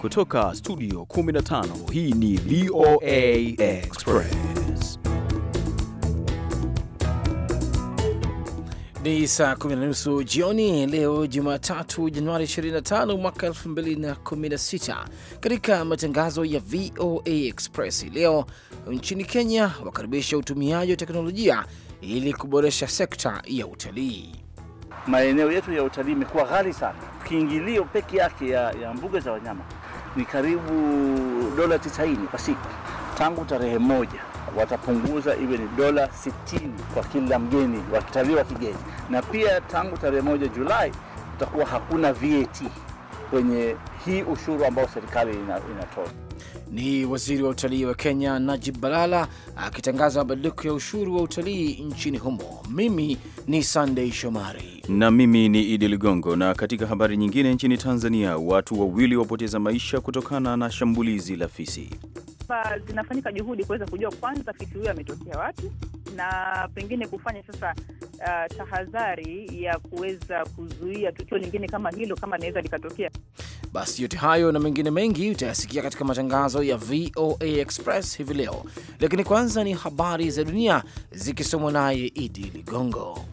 Kutoka studio 15 hii ni VOA Express. Ni saa kumi na nusu jioni leo Jumatatu, Januari 25 mwaka 2016. Katika matangazo ya VOA Express leo, nchini Kenya wakaribisha utumiaji wa teknolojia ili kuboresha sekta ya utalii. Maeneo yetu ya utalii imekuwa ghali sana, kiingilio peke yake ya, ya mbuga za wanyama ni karibu dola 90 kwa siku. Tangu tarehe moja watapunguza iwe ni dola 60 kwa kila mgeni wa kitalii wa kigeni, na pia tangu tarehe moja Julai utakuwa hakuna VAT kwenye hii ushuru ambao serikali inatoa. Ni waziri wa utalii wa Kenya Najib Balala akitangaza mabadiliko ya ushuru wa utalii nchini humo. Mimi ni Sandei Shomari na mimi ni Idi Ligongo. Na katika habari nyingine, nchini Tanzania watu wawili wapoteza maisha kutokana na shambulizi la fisi. Zinafanyika juhudi kuweza kujua kwanza fisi huyo ametokea wapi na pengine kufanya sasa uh, tahadhari ya kuweza kuzuia tukio lingine kama hilo kama linaweza likatokea. Basi yote hayo na mengine mengi utayasikia katika matangazo ya VOA Express hivi leo, lakini kwanza ni habari za dunia zikisomwa naye Idi Ligongo.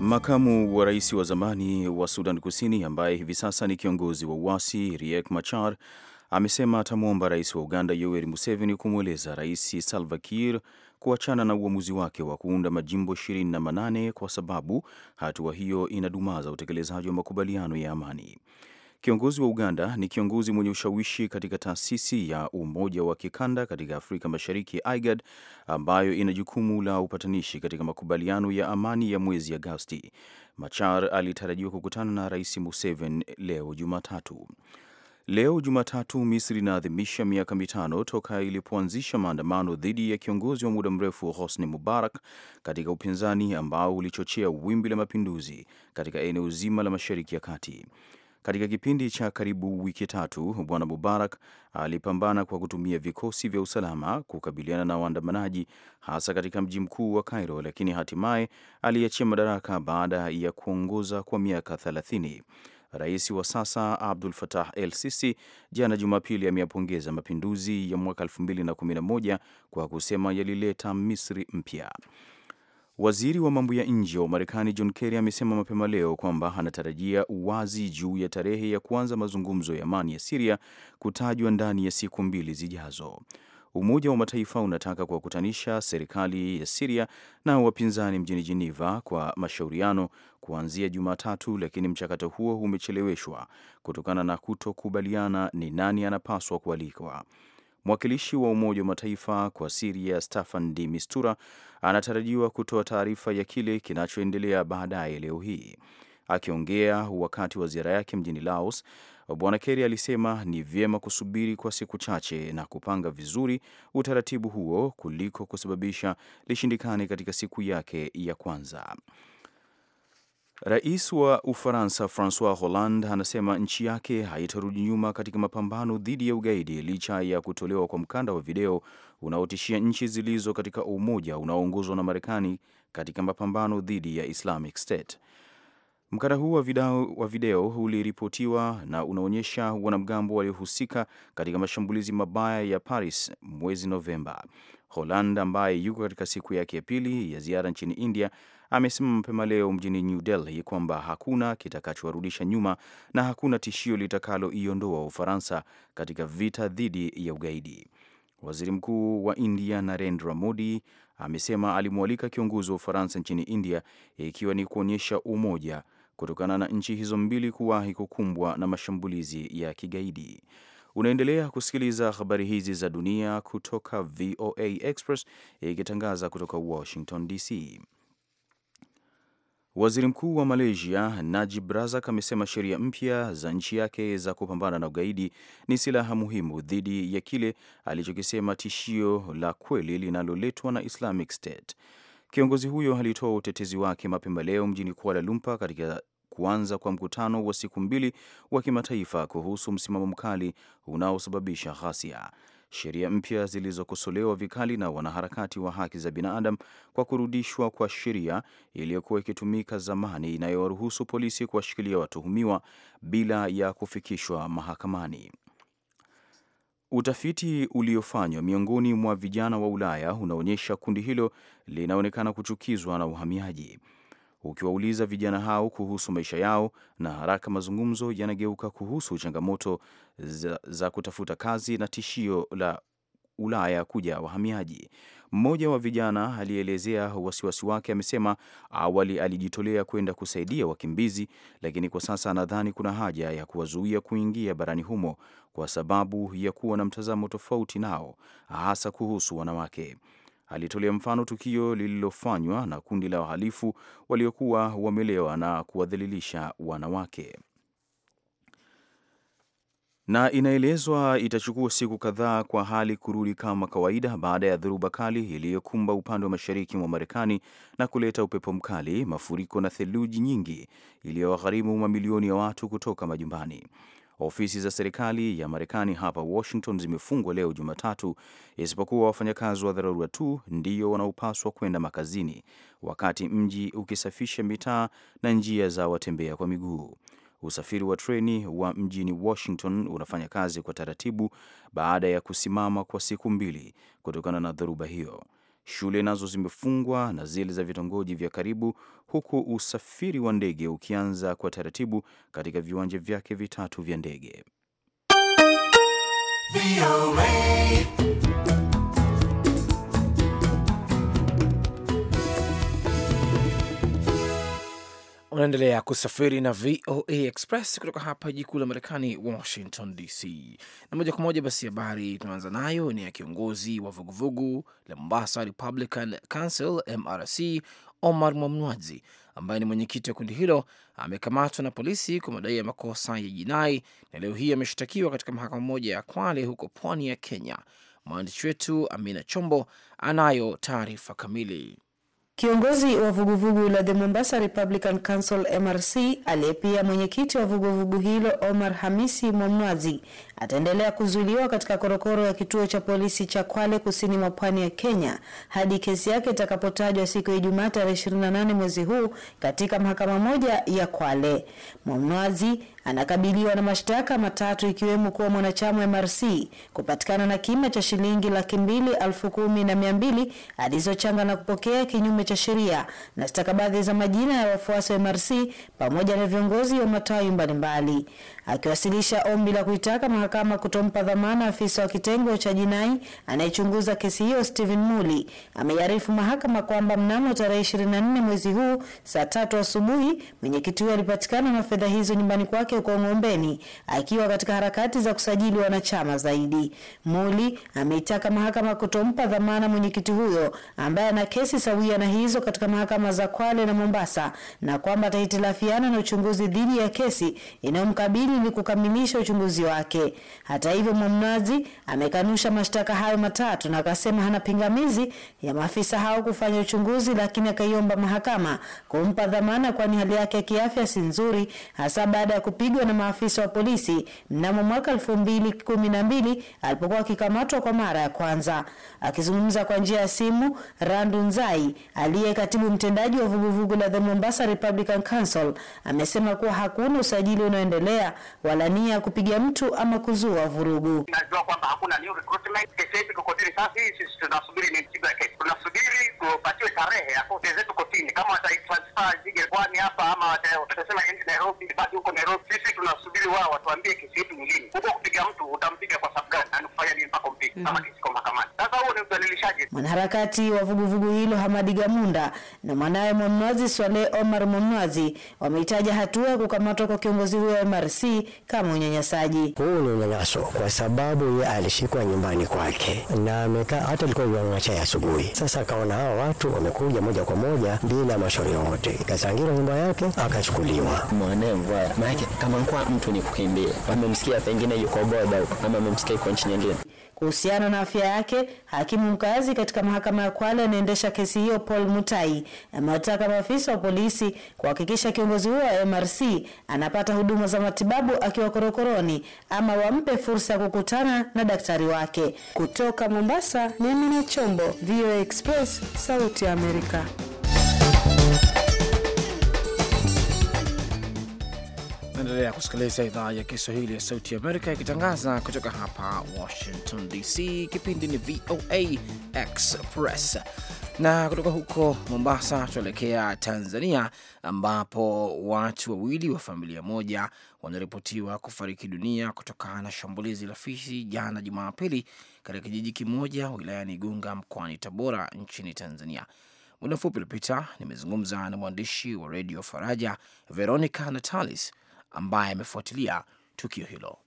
Makamu wa rais wa zamani wa Sudan Kusini ambaye hivi sasa ni kiongozi wa uasi Riek Machar amesema atamwomba rais wa Uganda Yoweri Museveni kumweleza rais Salva Kiir kuachana na uamuzi wake wa kuunda majimbo 28 kwa sababu hatua hiyo inadumaza utekelezaji wa makubaliano ya amani. Kiongozi wa Uganda ni kiongozi mwenye ushawishi katika taasisi ya Umoja wa Kikanda katika Afrika Mashariki, IGAD, ambayo ina jukumu la upatanishi katika makubaliano ya amani ya mwezi Agosti. Machar alitarajiwa kukutana na Rais Museveni leo Jumatatu. Leo Jumatatu, Misri inaadhimisha miaka mitano toka ilipoanzisha maandamano dhidi ya kiongozi wa muda mrefu Hosni Mubarak katika upinzani ambao ulichochea wimbi la mapinduzi katika eneo zima la Mashariki ya Kati. Katika kipindi cha karibu wiki tatu, Bwana Mubarak alipambana kwa kutumia vikosi vya usalama kukabiliana na waandamanaji hasa katika mji mkuu wa Cairo, lakini hatimaye aliachia madaraka baada ya kuongoza kwa miaka thelathini Rais wa sasa Abdul fatah El Sisi jana Jumapili ameyapongeza mapinduzi ya mwaka 2011 kwa kusema yalileta Misri mpya. Waziri wa mambo ya nje wa Marekani John Kerry amesema mapema leo kwamba anatarajia uwazi juu ya tarehe ya kuanza mazungumzo ya amani ya Siria kutajwa ndani ya siku mbili zijazo. Umoja wa Mataifa unataka kuwakutanisha serikali ya Siria na wapinzani mjini Jeneva kwa mashauriano kuanzia Jumatatu, lakini mchakato huo umecheleweshwa kutokana na kutokubaliana ni nani anapaswa kualikwa. Mwakilishi wa Umoja wa Mataifa kwa Siria Staffan de Mistura anatarajiwa kutoa taarifa ya kile kinachoendelea baadaye leo hii. Akiongea wakati wa ziara yake mjini Laos, Bwana Kerry alisema ni vyema kusubiri kwa siku chache na kupanga vizuri utaratibu huo kuliko kusababisha lishindikane katika siku yake ya kwanza. Rais wa Ufaransa Francois Hollande anasema nchi yake haitarudi nyuma katika mapambano dhidi ya ugaidi licha ya kutolewa kwa mkanda wa video unaotishia nchi zilizo katika umoja unaoongozwa na Marekani katika mapambano dhidi ya Islamic State. Mkanda huu wa video, wa video uliripotiwa na unaonyesha wanamgambo waliohusika katika mashambulizi mabaya ya Paris mwezi Novemba. Holand ambaye yuko katika siku yake ya pili ya ziara nchini India amesema mapema leo mjini New Delhi kwamba hakuna kitakachowarudisha nyuma na hakuna tishio litakaloiondoa Ufaransa katika vita dhidi ya ugaidi. Waziri Mkuu wa India Narendra Modi amesema alimwalika kiongozi wa Ufaransa nchini India ikiwa ni kuonyesha umoja kutokana na nchi hizo mbili kuwahi kukumbwa na mashambulizi ya kigaidi. Unaendelea kusikiliza habari hizi za dunia kutoka VOA Express ikitangaza kutoka Washington DC. Waziri Mkuu wa Malaysia Najib Razak amesema sheria mpya za nchi yake za kupambana na ugaidi ni silaha muhimu dhidi ya kile alichokisema tishio la kweli linaloletwa na Islamic State. Kiongozi huyo alitoa utetezi wake mapema leo mjini Kuala Lumpur katika kuanza kwa mkutano wa siku mbili wa kimataifa kuhusu msimamo mkali unaosababisha ghasia, sheria mpya zilizokosolewa vikali na wanaharakati wa haki za binadamu kwa kurudishwa kwa sheria iliyokuwa ikitumika zamani inayowaruhusu polisi kuwashikilia watuhumiwa bila ya kufikishwa mahakamani. Utafiti uliofanywa miongoni mwa vijana wa Ulaya unaonyesha kundi hilo linaonekana kuchukizwa na uhamiaji. Ukiwauliza vijana hao kuhusu maisha yao, na haraka mazungumzo yanageuka kuhusu changamoto za, za kutafuta kazi na tishio la Ulaya kuja wahamiaji. Mmoja wa vijana alielezea wasiwasi wake, amesema awali alijitolea kwenda kusaidia wakimbizi, lakini kwa sasa anadhani kuna haja ya kuwazuia kuingia barani humo kwa sababu ya kuwa na mtazamo tofauti nao, hasa kuhusu wanawake. Alitolea mfano tukio lililofanywa na kundi la wahalifu waliokuwa wamelewa na kuwadhalilisha wanawake na inaelezwa itachukua siku kadhaa kwa hali kurudi kama kawaida baada ya dhoruba kali iliyokumba upande wa mashariki mwa Marekani na kuleta upepo mkali, mafuriko na theluji nyingi iliyowagharimu mamilioni ya watu kutoka majumbani. Ofisi za serikali ya Marekani hapa Washington zimefungwa leo Jumatatu, isipokuwa wafanyakazi wa dharura tu ndiyo wanaopaswa kwenda makazini, wakati mji ukisafisha mitaa na njia za watembea kwa miguu. Usafiri wa treni wa mjini Washington unafanya kazi kwa taratibu baada ya kusimama kwa siku mbili kutokana na dhoruba hiyo. Shule nazo zimefungwa na zile za vitongoji vya karibu, huku usafiri wa ndege ukianza kwa taratibu katika viwanja vyake vitatu vya ndege. Unaendelea kusafiri na VOA Express kutoka hapa jikuu la Marekani, Washington DC, na moja kwa moja basi, habari tunaanza nayo ni ya kiongozi wa vuguvugu la Mombasa Republican Council MRC Omar Mwamnwazi ambaye ni mwenyekiti wa kundi hilo amekamatwa na polisi kwa madai ya makosa ya jinai na leo hii ameshtakiwa katika mahakama moja ya Kwale huko pwani ya Kenya. Mwandishi wetu Amina Chombo anayo taarifa kamili. Kiongozi wa vuguvugu la The Mombasa Republican Council MRC aliyepia mwenyekiti wa vuguvugu hilo Omar Hamisi Mwamwazi ataendelea kuzuiliwa katika korokoro ya kituo cha polisi cha Kwale kusini mwa pwani ya Kenya hadi kesi yake itakapotajwa siku ya Ijumaa tarehe 28 mwezi huu katika mahakama moja ya Kwale. Mwamwazi anakabiliwa na mashtaka matatu ikiwemo kuwa mwanachama MRC kupatikana na kima cha shilingi laki mbili elfu kumi na mia mbili alizochanga na kupokea kinyume cha sheria na stakabadhi za majina ya wafuasi wa MRC pamoja na viongozi wa matawi mbalimbali akiwasilisha ombi la kuitaka mahakama kutompa dhamana afisa wa kitengo cha jinai anayechunguza kesi hiyo Stephen Muli ameiarifu mahakama kwamba mnamo tarehe 24 mwezi huu saa tatu asubuhi mwenyekiti huyo alipatikana na fedha hizo nyumbani kwake huko Ng'ombeni akiwa katika harakati za kusajili wanachama zaidi. Muli ameitaka mahakama kutompa dhamana mwenyekiti huyo ambaye ana kesi sawia na hizo katika mahakama za Kwale na Mombasa na kwamba atahitilafiana na uchunguzi dhidi ya kesi inayomkabili ili kukamilisha uchunguzi wake. Hata hivyo, Mwamnazi amekanusha mashtaka hayo matatu na akasema hana pingamizi ya maafisa hao kufanya uchunguzi, lakini akaiomba mahakama kumpa dhamana, kwani hali yake ya kiafya si nzuri, hasa baada ya kupigwa na maafisa wa polisi mnamo mwaka 2012 alipokuwa akikamatwa kwa mara ya kwanza. Akizungumza kwa njia ya simu, Randu Nzai aliye katibu mtendaji wa vuguvugu la The Mombasa Republican Council amesema kuwa hakuna usajili unaoendelea wala nia kupiga mtu ama kuzua vurugu. Najua kwamba hakuna new recruitment, kesi yetu kotini. Sasa hii sisi tunasubiri ni msiba ya kesi, tunasubiri kupatiwe tarehe ya kesi zetu kotini, kama wataitransfer jige kwani hapa ama watasema endi Nairobi, basi huko Nairobi. Sisi tunasubiri wao watuambie kesi yetu ni lini. Huko kupiga mtu utampiga kwa sababu gani na nikufanya nini mpaka umpige mm. kama kesi kwa mahakamani? Sasa huo ni udhalilishaji. Mwanaharakati wa vuguvugu hilo Hamadi Gamunda na mwanaye Mwamnwazi Swale Omar Mwamnwazi wameitaja hatua ya kukamatwa kwa kiongozi huyo wa MRC hii kama unyanyasaji. Huu ni unyanyaso kwa sababu yeye alishikwa nyumbani kwake na amekaa, hata alikuwa yuangacha asubuhi. Sasa akaona hawa watu wamekuja moja kwa moja bila mashauri yoyote, ikazangira nyumba yake akachukuliwa. kama kwa mtu ni kukimbia, amemsikia pengine yuko boda ama amemsikia yuko nchi nyingine. Kuhusiana na afya yake, hakimu mkazi katika mahakama ya Kwale anaendesha kesi hiyo Paul Mutai amewataka maafisa wa polisi kuhakikisha kiongozi huyo wa MRC anapata huduma za matibabu akiwa korokoroni ama wampe fursa ya kukutana na daktari wake. Kutoka Mombasa ni Chombo, VOA Express, Sauti ya Amerika. Unaendelea kusikiliza idhaa ya Kiswahili ya Sauti Amerika ikitangaza kutoka hapa Washington DC. Kipindi ni VOA Express, na kutoka huko Mombasa tuelekea Tanzania, ambapo watu wawili wa familia moja wanaripotiwa kufariki dunia kutokana na shambulizi la fisi jana Jumapili katika kijiji kimoja wilayani Igunga mkoani Tabora nchini Tanzania. Muda mfupi uliopita nimezungumza na mwandishi wa redio Faraja Veronica Natalis ambaye amefuatilia tukio hilo.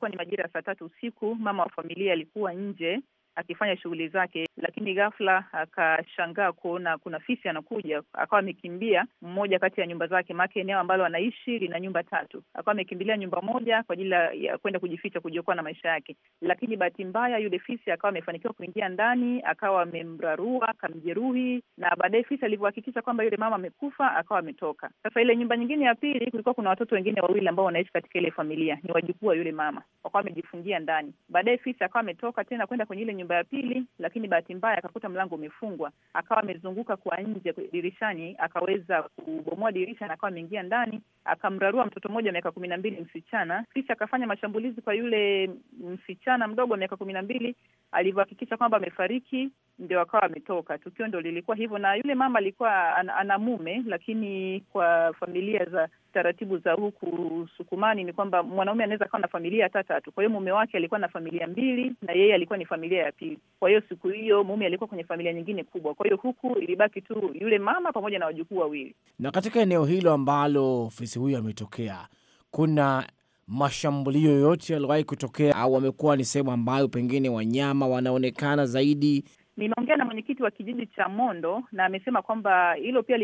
Kwa ni majira ya saa tatu usiku, mama wa familia alikuwa nje akifanya shughuli zake, lakini ghafla akashangaa kuona kuna fisi anakuja, akawa amekimbia mmoja kati ya nyumba zake, maake eneo ambalo anaishi lina nyumba tatu. Akawa amekimbilia nyumba moja kwa ajili ya kwenda kujificha, kujiokoa na maisha yake, lakini bahati mbaya yule fisi akawa amefanikiwa kuingia ndani, akawa amemrarua, akamjeruhi, na baadaye fisi alivyohakikisha kwamba yule mama amekufa, akawa ametoka. Sasa ile nyumba nyingine ya pili, kulikuwa kuna watoto wengine wawili ambao wanaishi katika ile familia, ni wajukuu wa yule mama, wakawa wamejifungia ndani. Baadaye fisi akawa ametoka tena kwenda kwenye ile nyumba ya pili, lakini bahati mbaya akakuta mlango umefungwa. Akawa amezunguka kwa nje dirishani, akaweza kubomoa dirisha na akawa ameingia ndani, akamrarua mtoto mmoja miaka kumi na mbili, msichana, kisha akafanya mashambulizi kwa yule msichana mdogo wa miaka kumi na mbili alivyohakikisha kwamba amefariki ndio akawa ametoka. Tukio ndo lilikuwa hivyo, na yule mama alikuwa an, ana mume, lakini kwa familia za taratibu za huku Sukumani ni kwamba mwanaume anaweza akawa na familia hata tatu. Kwa hiyo mume wake alikuwa na familia mbili, na yeye alikuwa ni familia ya pili. Kwa hiyo siku hiyo mume alikuwa kwenye familia nyingine kubwa, kwa hiyo huku ilibaki tu yule mama pamoja na wajukuu wawili. Na katika eneo hilo ambalo ofisi huyo ametokea, kuna mashambulio yoyote yaliwahi kutokea, au wamekuwa ni sehemu ambayo pengine wanyama wanaonekana zaidi? Nimeongea na mwenyekiti wa kijiji cha Mondo na amesema kwamba hilo pia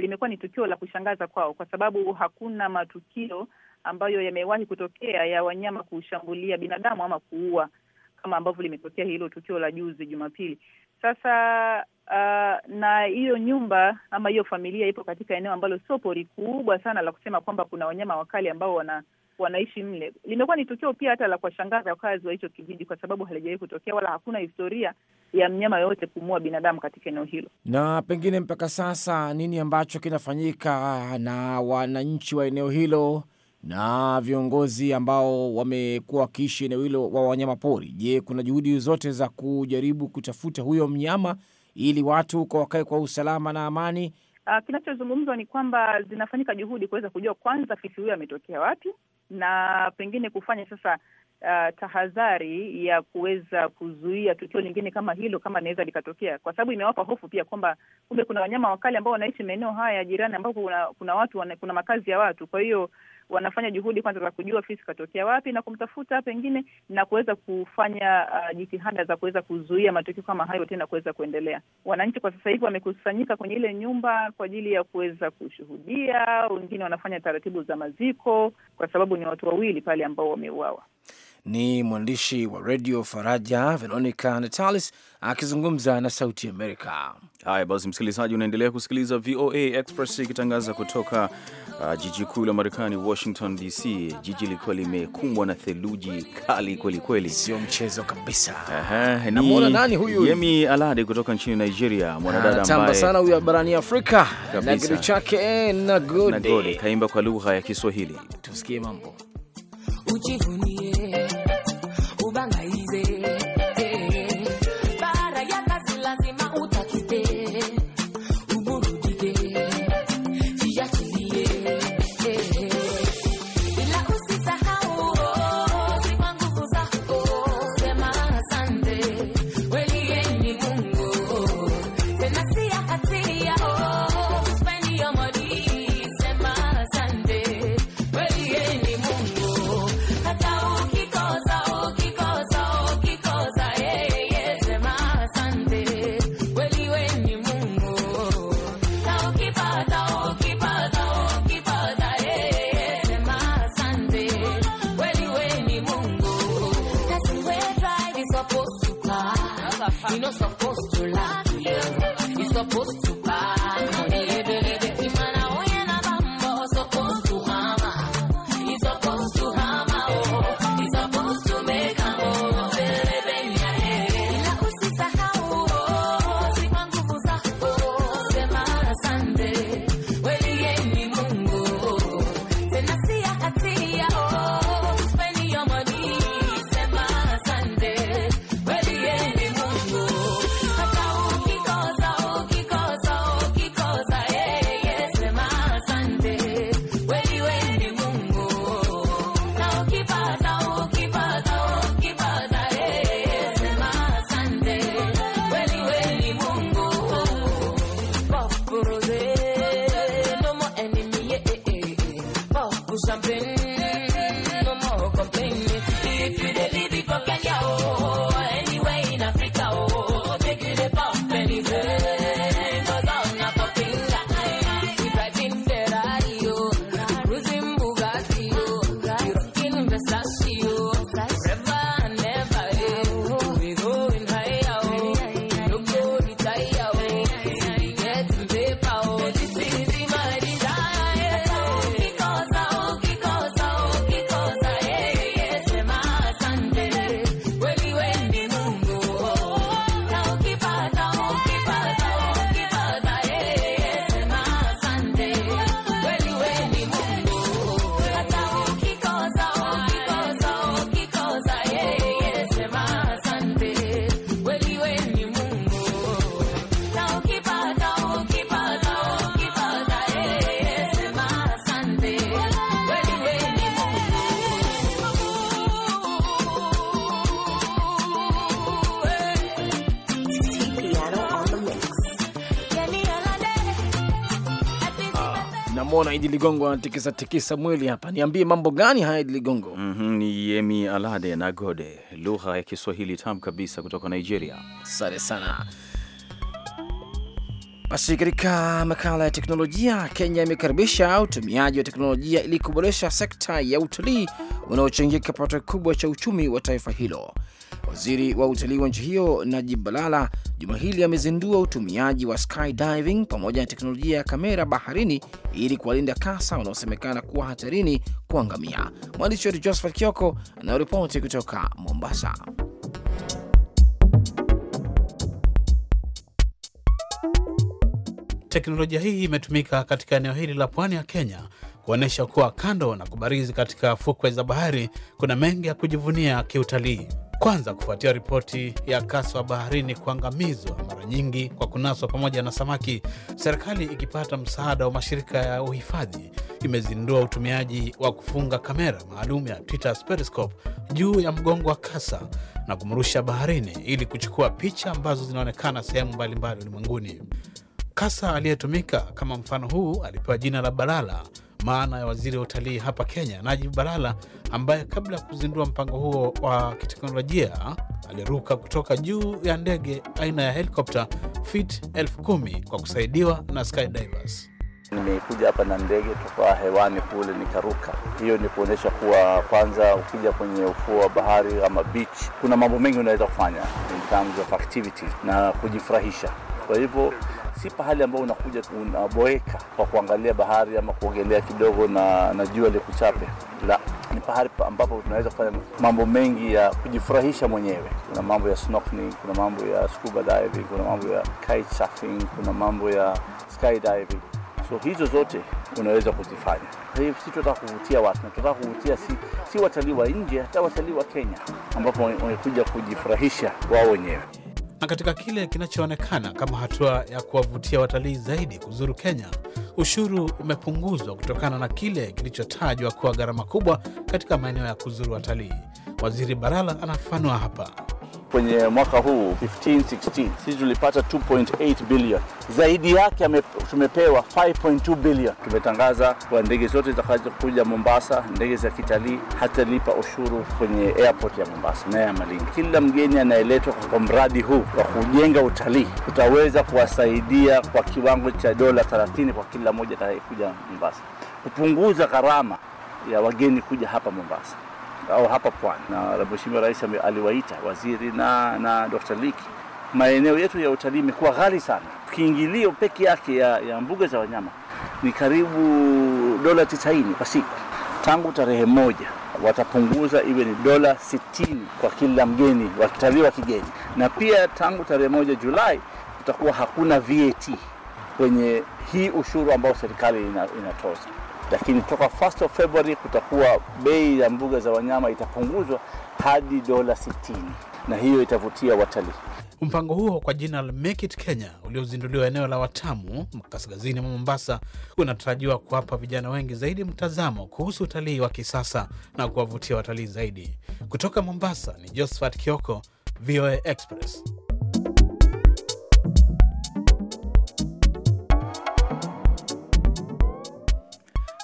limekuwa ni tukio la kushangaza kwao kwa sababu hakuna matukio ambayo yamewahi kutokea ya wanyama kushambulia binadamu ama kuua kama ambavyo limetokea hilo tukio la juzi Jumapili. Sasa uh, na hiyo nyumba ama hiyo familia ipo katika eneo ambalo sio pori kubwa sana la kusema kwamba kuna wanyama wakali ambao wana wanaishi mle. Limekuwa ni tukio pia hata la kuwashangaza wakazi wa hicho kijiji, kwa sababu halijawahi kutokea wala hakuna historia ya mnyama yoyote kumua binadamu katika eneo hilo. Na pengine mpaka sasa nini ambacho kinafanyika ah, na wananchi wa eneo hilo na viongozi ambao wamekuwa wakiishi eneo hilo wa wanyama pori? Je, kuna juhudi zote za kujaribu kutafuta huyo mnyama ili watu huko wakae kwa usalama na amani? Ah, kinachozungumzwa ni kwamba zinafanyika juhudi kuweza kujua kwanza fisi huyo ametokea wapi, na pengine kufanya sasa uh, tahadhari ya kuweza kuzuia tukio lingine kama hilo kama inaweza likatokea, kwa sababu imewapa hofu pia kwamba kumbe kuna wanyama wakali ambao wanaishi maeneo haya ya jirani, ambapo kuna kuna watu wana, kuna makazi ya watu. Kwa hiyo wanafanya juhudi kwanza za kujua fisi katokea wapi na kumtafuta pengine na kuweza kufanya uh, jitihada za kuweza kuzuia matukio kama hayo tena kuweza kuendelea. Wananchi kwa sasa hivi wamekusanyika kwenye ile nyumba kwa ajili ya kuweza kushuhudia, wengine wanafanya taratibu za maziko, kwa sababu ni watu wawili pale ambao wameuawa. Ni mwandishi wa redio Faraja Veronica Natalis akizungumza na Sauti Amerika. Haya basi, msikilizaji, unaendelea kusikiliza VOA Express ikitangaza kutoka uh, jiji kuu la Marekani, Washington DC. Jiji likuwa limekumbwa na theluji kali kwelikweli, sio mchezo kabisa. Aha, ni nani huyu? Yemi Alade kutoka nchini Nigeria, mwanadada ah, tamba sana huyo barani Afrika na kitu chake eh, na gode kaimba kwa lugha ya Kiswahili, tusikie mambo Uchifu. naona Idi Ligongo anatikisa tikisa mwili hapa. Niambie mambo gani haya Idi Ligongo? mm -hmm, ni Yemi Alade na Gode, lugha ya Kiswahili tamu kabisa kutoka Nigeria. Asante sana. Basi katika makala ya teknolojia, Kenya imekaribisha utumiaji wa teknolojia ili kuboresha sekta ya utalii unaochangia kipato kikubwa cha uchumi wa taifa hilo. Waziri wa utalii wa nchi hiyo Najib Balala juma hili amezindua utumiaji wa skydiving pamoja na teknolojia ya kamera baharini ili kuwalinda kasa wanaosemekana kuwa hatarini kuangamia. Mwandishi wetu Josephat Kioko anaripoti kutoka Mombasa. Teknolojia hii imetumika katika eneo hili la pwani ya Kenya kuonyesha kuwa kando na kubarizi katika fukwe za bahari kuna mengi ya kujivunia kiutalii. Kwanza, kufuatia ripoti ya kasa wa baharini kuangamizwa mara nyingi kwa kunaswa pamoja na samaki, serikali ikipata msaada wa mashirika ya uhifadhi imezindua utumiaji wa kufunga kamera maalum ya Titus Periscope juu ya mgongo wa kasa na kumrusha baharini ili kuchukua picha ambazo zinaonekana sehemu mbalimbali ulimwenguni. Kasa aliyetumika kama mfano huu alipewa jina la Balala maana ya waziri wa utalii hapa Kenya, Najib Balala, ambaye kabla ya kuzindua mpango huo wa kiteknolojia aliruka kutoka juu ya ndege aina ya helikopta fit elfu kumi kwa kusaidiwa na skydivers. Nimekuja hapa na ndege toka hewani kule nikaruka. Hiyo ni kuonyesha kuwa kwanza, ukija kwenye ufuo wa bahari ama beach, kuna mambo mengi unaweza kufanya in terms of na kujifurahisha. Kwa hivyo si pahali ambao unakuja unaboeka kwa kuangalia bahari ama kuogelea kidogo na, na jua likuchape. La, ni pahali ambapo tunaweza kufanya mambo mengi ya kujifurahisha mwenyewe. Kuna mambo ya snorkeling, kuna mambo ya scuba diving, kuna mambo ya kite surfing, kuna mambo ya skydiving. So hizo zote unaweza kuzifanya. Hivi si tunataka kuvutia watu, na tunataka kuvutia si, si watalii wa nje, hata watalii wa Kenya ambapo wamekuja kujifurahisha wao wenyewe na katika kile kinachoonekana kama hatua ya kuwavutia watalii zaidi kuzuru Kenya, ushuru umepunguzwa kutokana na kile kilichotajwa kuwa gharama kubwa katika maeneo ya kuzuru watalii. Waziri Barala anafafanua hapa kwenye mwaka huu 1516 sisi tulipata 2.8 billion, zaidi yake tumepewa 5.2 billion. Tumetangaza kwa ndege zote zitakazokuja Mombasa, ndege za kitalii hatalipa ushuru kwenye airport ya Mombasa na ya Malindi. Kila mgeni anayeletwa kwa mradi huu wa kujenga utalii tutaweza kuwasaidia kwa kiwango cha dola 30 kwa kila mmoja atakayekuja Mombasa, kupunguza gharama ya wageni kuja hapa Mombasa au hapa Pwani, na Mheshimiwa Rais aliwaita waziri na, na Dr. Liki. Maeneo yetu ya utalii imekuwa ghali sana. Kiingilio peke yake ya, ya mbuga za wanyama ni karibu dola 90 kwa siku. Tangu tarehe moja watapunguza iwe ni dola 60 kwa kila mgeni wa kitalii wa kigeni, na pia tangu tarehe moja Julai kutakuwa hakuna VAT kwenye hii ushuru ambao serikali inatoza lakini toka 1 February kutakuwa bei ya mbuga za wanyama itapunguzwa hadi dola 60 na hiyo itavutia watalii. Mpango huo kwa jina la Make It Kenya uliozinduliwa eneo la Watamu, kaskazini mwa Mombasa, unatarajiwa kuwapa vijana wengi zaidi mtazamo kuhusu utalii wa kisasa na kuwavutia watalii zaidi. Kutoka Mombasa ni Josephat Kioko, VOA Express.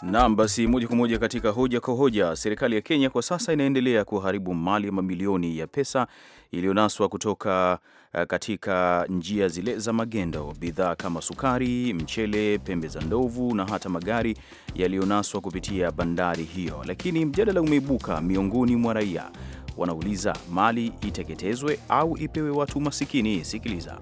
Naam, basi moja kwa moja katika hoja kwa hoja. Serikali ya Kenya kwa sasa inaendelea kuharibu mali ya mamilioni ya pesa iliyonaswa kutoka eh, katika njia zile za magendo. Bidhaa kama sukari, mchele, pembe za ndovu na hata magari yaliyonaswa kupitia bandari hiyo. Lakini mjadala umeibuka miongoni mwa raia, wanauliza mali iteketezwe au ipewe watu masikini? Sikiliza.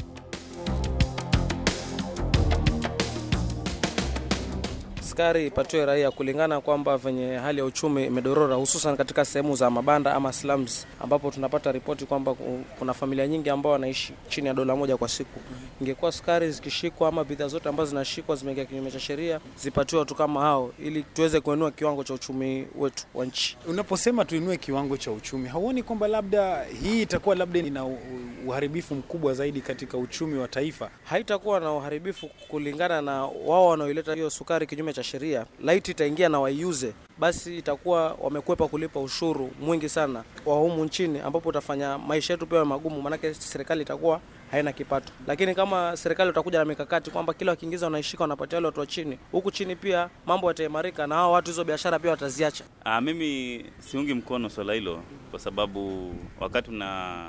askari ipatiwe raia, kulingana kwamba venye hali ya uchumi imedorora, hususan katika sehemu za mabanda ama slums, ambapo tunapata ripoti kwamba kuna familia nyingi ambao wanaishi chini ya dola moja kwa siku. Ingekuwa askari zikishikwa ama bidhaa zote ambazo zinashikwa zimeingia kinyume cha sheria zipatiwe watu kama hao, ili tuweze kuinua kiwango cha uchumi wetu wa nchi. Unaposema tuinue kiwango cha uchumi, hauoni kwamba labda hii itakuwa labda ina uharibifu mkubwa zaidi katika uchumi wa taifa? Haitakuwa na uharibifu kulingana na wao wanaoileta hiyo sukari kinyume cha sheria laiti itaingia na waiuze, basi itakuwa wamekwepa kulipa ushuru mwingi sana wa humu nchini, ambapo utafanya maisha yetu pia magumu, maanake serikali itakuwa haina kipato. Lakini kama serikali utakuja na mikakati kwamba kila wakiingiza wanaishika wanapatia wale watu wa chini, huku chini pia mambo yataimarika, na hao watu hizo biashara pia wataziacha. Ah, mimi siungi mkono swala hilo kwa sababu wakati una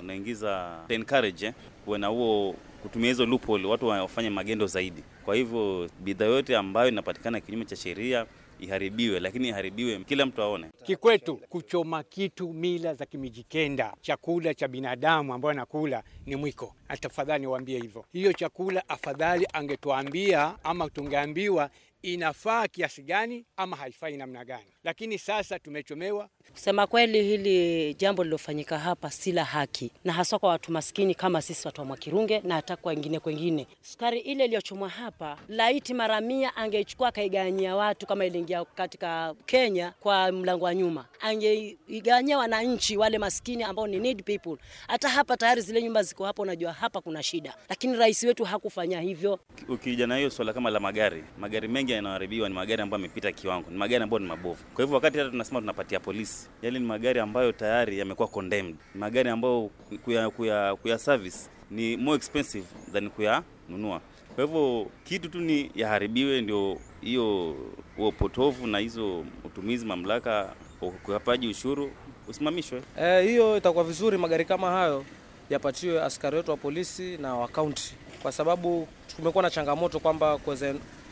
unaingiza encourage eh, kuwe na huo kutumia hizo loophole, watu wafanye magendo zaidi. Kwa hivyo bidhaa yote ambayo inapatikana kinyume cha sheria iharibiwe, lakini iharibiwe kila mtu aone. Kikwetu kuchoma kitu, mila za Kimijikenda, chakula cha binadamu ambayo anakula ni mwiko. Atafadhali niwaambie hivyo, hiyo chakula afadhali angetuambia ama tungeambiwa inafaa kiasi gani ama haifai namna gani, lakini sasa tumechomewa. Kusema kweli, hili jambo lilofanyika hapa si la haki, na haswa kwa watu maskini kama sisi watu wa Mwakirunge na hata kwa wengine kwengine. Sukari ile iliyochomwa hapa, laiti mara mia angeichukua akaigawanyia watu, kama iliingia katika Kenya kwa mlango wa nyuma, angeigawanyia wananchi wale maskini ambao ni need people. Hata hapa tayari zile nyumba ziko hapo, unajua hapa kuna shida, lakini rais wetu hakufanya hivyo. Ukija na hiyo swala kama la magari, magari mengi mengi yanaharibiwa ni magari ambayo yamepita kiwango, ni magari ambayo ni mabovu. Kwa hivyo wakati hata tunasema tunapatia polisi, yale ni magari ambayo tayari yamekuwa condemned, ni magari ambayo kuya, kuya, kuya service ni more expensive than kuyanunua. Kwa hivyo kitu tu ni yaharibiwe, ndio hiyo huo potofu na hizo utumizi mamlaka ukuapaji ushuru usimamishwe. Eh, hiyo itakuwa vizuri, magari kama hayo yapatiwe askari wetu wa polisi na wa kaunti, kwa sababu tumekuwa na changamoto kwamba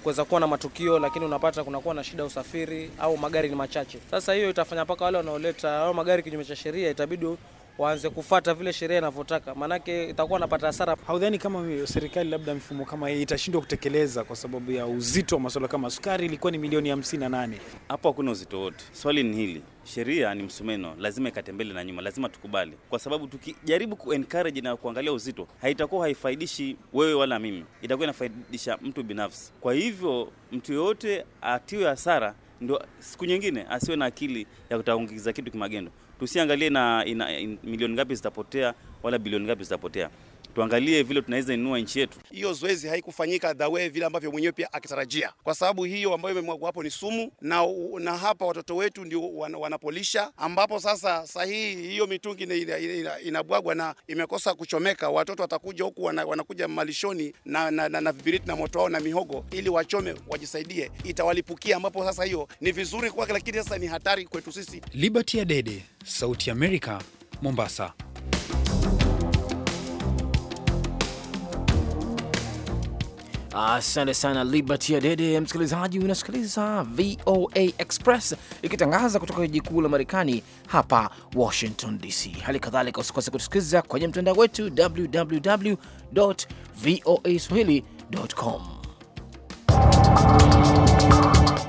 kuweza kuwa na matukio, lakini unapata kunakuwa na shida usafiri au magari ni machache. Sasa hiyo itafanya mpaka wale wanaoleta au magari kinyume cha sheria itabidi waanze kufata vile sheria inavyotaka, maanake itakuwa napata hasara. Haudhani kama serikali labda mifumo kama hii itashindwa kutekeleza kwa sababu ya uzito wa masuala kama sukari ilikuwa ni milioni 58? Hapo hakuna uzito wote. Swali ni hili, sheria ni msumeno, lazima ikate mbele na nyuma, lazima tukubali, kwa sababu tukijaribu encourage na kuangalia uzito, haitakuwa haifaidishi wewe wala mimi, itakuwa inafaidisha mtu binafsi. Kwa hivyo mtu yoyote atiwe hasara, ndo siku nyingine asiwe na akili ya kutaongeza kitu kimagendo. Tusiangalie na ina, in, milioni ngapi zitapotea wala bilioni ngapi zitapotea tuangalie vile tunaweza inua nchi yetu. Hiyo zoezi haikufanyika way vile ambavyo mwenyewe pia akitarajia, kwa sababu hiyo ambayo imemwagwa hapo ni sumu na, na hapa watoto wetu ndio wan, wanapolisha ambapo sasa sahihi hiyo mitungi inabwagwa na imekosa kuchomeka. Watoto watakuja huku wana, wanakuja malishoni na, na, na, na vibiriti na moto wao na mihogo ili wachome wajisaidie, itawalipukia ambapo sasa hiyo ni vizuri kwake, lakini sasa ni hatari kwetu sisi. Liberty Adede, Sauti America, Mombasa. Asante sana Liberty Adede. Msikilizaji, unasikiliza VOA Express ikitangaza kutoka jiji kuu la Marekani hapa Washington DC. Hali kadhalika usikose kutusikiliza kwenye mtandao wetu www voa swahili com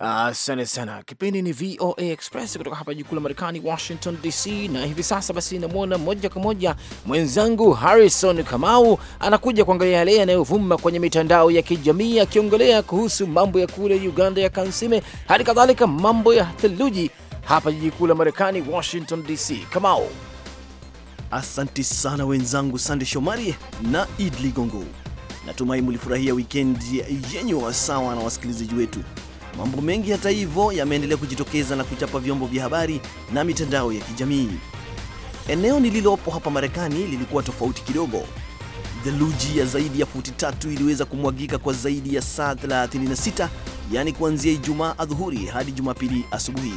Asante ah, uh, sana. Kipindi ni VOA Express kutoka hapa jikuu la Marekani, Washington DC, na hivi sasa basi namwona moja kwa moja mwenzangu Harrison Kamau anakuja kuangalia yale yanayovuma kwenye mitandao ya kijamii, akiongelea kuhusu mambo ya kule Uganda ya Kansime, hali kadhalika mambo ya theluji hapa jiji kuu la Marekani, Washington DC. Kamau. Asante sana wenzangu Sande Shomari na Id Ligongo. Natumai mulifurahia wikendi yenyu wasawa na wasikilizaji wetu. Mambo mengi hata hivyo yameendelea kujitokeza na kuchapa vyombo vya habari na mitandao ya kijamii. Eneo nililopo hapa Marekani lilikuwa tofauti kidogo. Theluji ya zaidi ya futi tatu iliweza kumwagika kwa zaidi ya saa 36, yaani kuanzia Ijumaa adhuhuri hadi Jumapili asubuhi.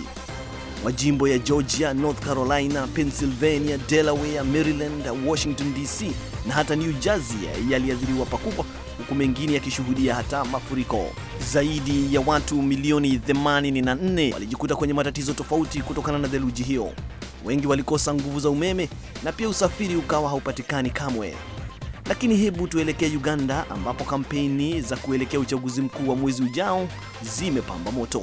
Majimbo ya Georgia, North Carolina, Pennsylvania, Delaware, Maryland, Washington DC na hata New Jersey yaliathiriwa pakubwa, huku mengine yakishuhudia hata mafuriko. Zaidi ya watu milioni 84 walijikuta kwenye matatizo tofauti kutokana na theluji hiyo. Wengi walikosa nguvu za umeme na pia usafiri ukawa haupatikani kamwe. Lakini hebu tuelekee Uganda ambapo kampeni za kuelekea uchaguzi mkuu wa mwezi ujao zimepamba moto.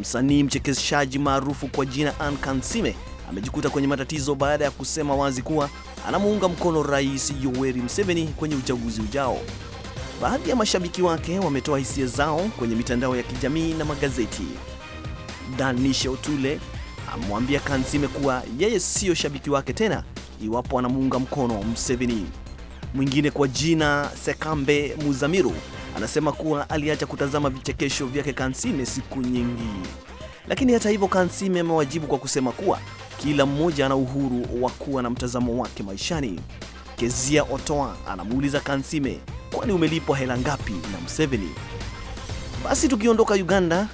Msanii mchekeshaji maarufu kwa jina Ann Kansime amejikuta kwenye matatizo baada ya kusema wazi kuwa anamuunga mkono Rais Yoweri Museveni kwenye uchaguzi ujao. Baadhi ya mashabiki wake wametoa hisia zao kwenye mitandao ya kijamii na magazeti. Danisha Otule amwambia Kansime kuwa yeye siyo shabiki wake tena iwapo anamuunga mkono Museveni. Mwingine kwa jina Sekambe Muzamiru anasema kuwa aliacha kutazama vichekesho vyake Kansime siku nyingi. Lakini hata hivyo, Kansime amewajibu kwa kusema kuwa kila mmoja ana uhuru wa kuwa na mtazamo wake maishani. Kezia Otoa anamuuliza Kansime, kwani umelipwa hela ngapi na Museveni? Basi tukiondoka Uganda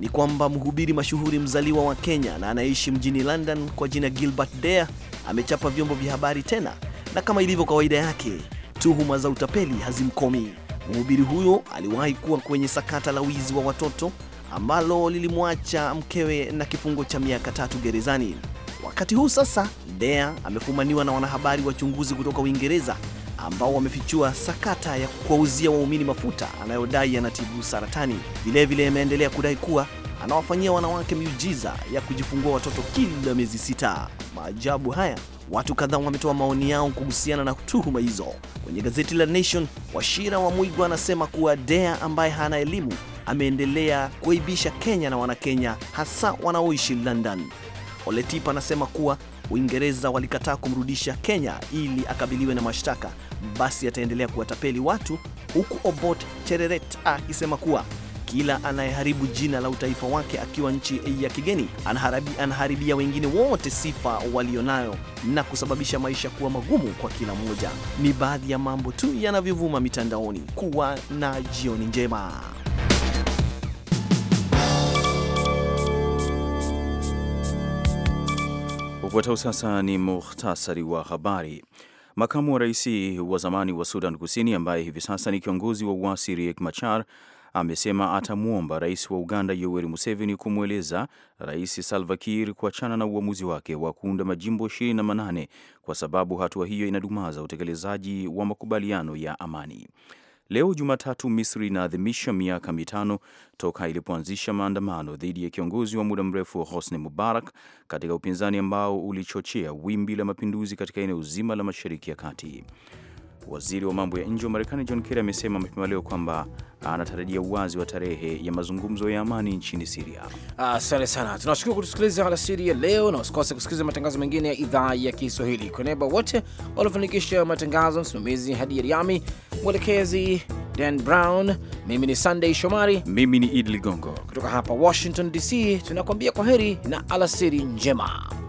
ni kwamba mhubiri mashuhuri mzaliwa wa Kenya na anaishi mjini London kwa jina Gilbert Deya amechapa vyombo vya habari tena, na kama ilivyo kawaida yake, tuhuma za utapeli hazimkomi. Mhubiri huyo aliwahi kuwa kwenye sakata la wizi wa watoto ambalo lilimwacha mkewe na kifungo cha miaka tatu gerezani. Wakati huu sasa, dea amefumaniwa na wanahabari wachunguzi kutoka Uingereza ambao wamefichua sakata ya kuwauzia waumini mafuta anayodai yanatibu saratani. Vilevile ameendelea kudai kuwa anawafanyia wanawake miujiza ya kujifungua watoto kila miezi sita. Maajabu haya, watu kadhaa wametoa maoni yao kuhusiana na tuhuma hizo. Kwenye gazeti la Nation, Washira wa Mwigwa anasema kuwa dea ambaye hana elimu ameendelea kuaibisha Kenya na Wanakenya, hasa wanaoishi London. Oletipa anasema kuwa Uingereza walikataa kumrudisha Kenya ili akabiliwe na mashtaka, basi ataendelea kuwatapeli watu, huku Obot Tereret akisema kuwa kila anayeharibu jina la utaifa wake akiwa nchi ya kigeni anaharibi, anaharibia wengine wote sifa walionayo na kusababisha maisha kuwa magumu kwa kila mmoja. Ni baadhi ya mambo tu yanavyovuma mitandaoni. Kuwa na jioni njema. Ufuatao sasa ni muhtasari wa habari. Makamu wa rais wa zamani wa Sudan Kusini ambaye hivi sasa ni kiongozi wa uasi Riek Machar amesema atamwomba rais wa Uganda Yoweri Museveni kumweleza rais Salva Kiir kuachana na uamuzi wake wa kuunda majimbo 28 kwa sababu hatua hiyo inadumaza utekelezaji wa makubaliano ya amani. Leo Jumatatu, Misri inaadhimisha miaka mitano toka ilipoanzisha maandamano dhidi ya kiongozi wa muda mrefu Hosni Mubarak katika upinzani ambao ulichochea wimbi la mapinduzi katika eneo zima la Mashariki ya Kati. Waziri wa mambo ya nje wa Marekani John Kerry amesema mapema leo kwamba anatarajia uwazi wa tarehe ya mazungumzo ya amani nchini Siria. Asante sana, tunashukuru kutusikiliza alasiri ya leo, na usikose kusikiliza matangazo mengine ya idhaa ya Kiswahili. Kwa niaba wote waliofanikisha matangazo, msimamizi Hadi Riami, mwelekezi Dan Brown, mimi ni Sunday Shomari, mimi ni Idi Ligongo kutoka hapa Washington DC, tunakuambia kwa heri na alasiri njema.